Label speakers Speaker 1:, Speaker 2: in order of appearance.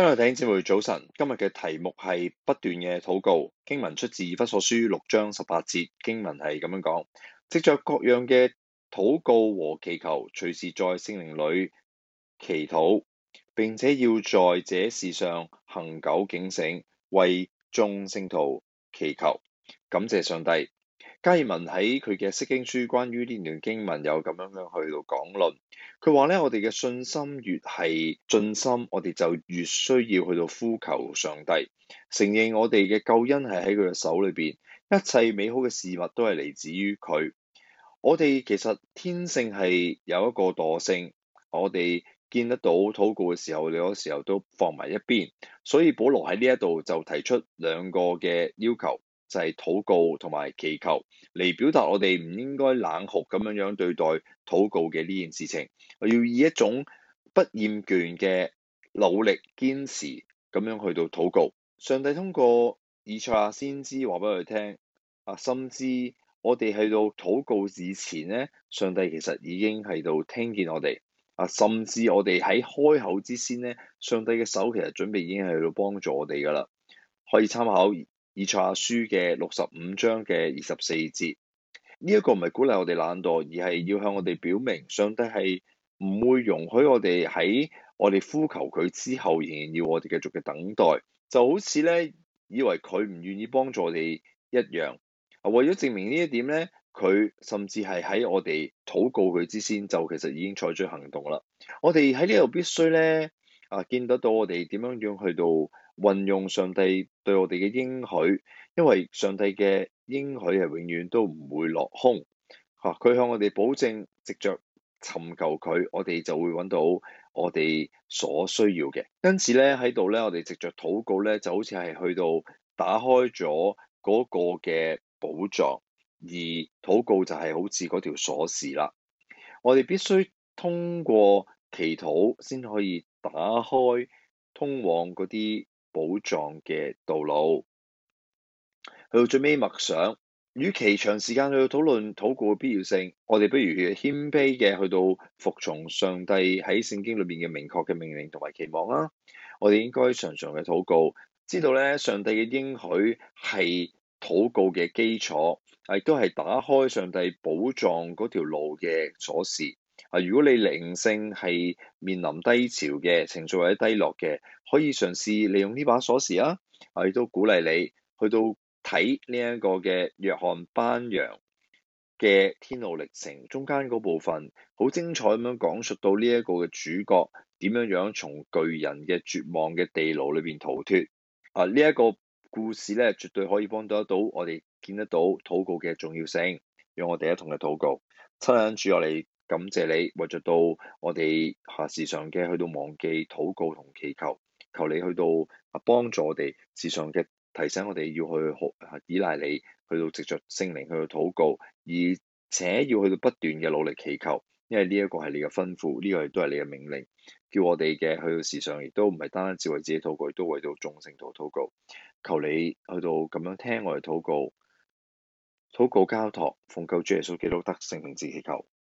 Speaker 1: 親愛的弟兄姊妹，早晨！今日嘅題目係不斷嘅禱告。經文出自以弗所書六章十八節，經文係咁樣講：藉着各樣嘅禱告和祈求，隨時在聖靈裏祈禱，並且要在這事上恒久警醒，為眾聖徒祈求，感謝上帝。加爾文喺佢嘅釋經書，關於呢段經文有咁樣樣去到講論。佢話咧，我哋嘅信心越係盡心，我哋就越需要去到呼求上帝，承認我哋嘅救恩係喺佢嘅手裏邊，一切美好嘅事物都係嚟自於佢。我哋其實天性係有一個惰性，我哋見得到禱告嘅時候，你嗰時候，都放埋一邊。所以保羅喺呢一度就提出兩個嘅要求。就係、是、禱告同埋祈求，嚟表達我哋唔應該冷酷咁樣樣對待禱告嘅呢件事情。我要以一種不厭倦嘅努力堅持咁樣去到禱告。上帝通過以賽亞先知話俾佢聽，啊，甚至我哋去到禱告之前咧，上帝其實已經喺度聽見我哋。啊，甚至我哋喺開口之先咧，上帝嘅手其實準備已經係去到幫助我哋㗎啦。可以參考。以賽亞書嘅六十五章嘅二十四節，呢一個唔係鼓勵我哋懶惰，而係要向我哋表明上帝係唔會容許我哋喺我哋呼求佢之後，仍然要我哋繼續嘅等待，就好似咧以為佢唔願意幫助我哋一樣。啊，為咗證明呢一點咧，佢甚至係喺我哋禱告佢之先，就其實已經採取行動啦。我哋喺呢度必須咧啊，見得到我哋點樣樣去到。運用上帝對我哋嘅應許，因為上帝嘅應許係永遠都唔會落空。嚇，佢向我哋保證，藉著尋求佢，我哋就會揾到我哋所需要嘅。因此咧，喺度咧，我哋藉著禱告咧，就好似係去到打開咗嗰個嘅寶藏，而禱告就係好似嗰條鎖匙啦。我哋必須通過祈禱先可以打開通往嗰啲。寶藏嘅道路，去到最尾默想。與其長時間去討論禱告嘅必要性，我哋不如去謙卑嘅去到服從上帝喺聖經裏面嘅明確嘅命令同埋期望啦。我哋應該常常嘅禱告，知道咧上帝嘅應許係禱告嘅基礎，亦都係打開上帝寶藏嗰條路嘅鎖匙。啊！如果你靈性係面臨低潮嘅情緒或者低落嘅，可以嘗試利用呢把鎖匙啊！我亦都鼓勵你去到睇呢一個嘅約翰班揚嘅《天路歷程》中間嗰部分，好精彩咁樣講述到呢一個嘅主角點樣樣從巨人嘅絕望嘅地牢裏邊逃脫。啊！呢一個故事咧，絕對可以幫到一到我哋見得到禱告嘅重要性。讓我哋一同嚟禱告，親眼住我哋。感謝你，為著到我哋下時常嘅去到忘記禱告同祈求，求你去到啊幫助我哋時常嘅提醒我哋要去好啊依賴你，去到藉著聖靈去到禱告，而且要去到不斷嘅努力祈求，因為呢一個係你嘅吩咐，呢個亦都係你嘅命令，叫我哋嘅去到時常亦都唔係單止為自己禱告，都為到眾聖徒禱告。求你去到咁樣聽我哋禱告，禱告交託，奉救主耶穌基督得聖靈自祈求。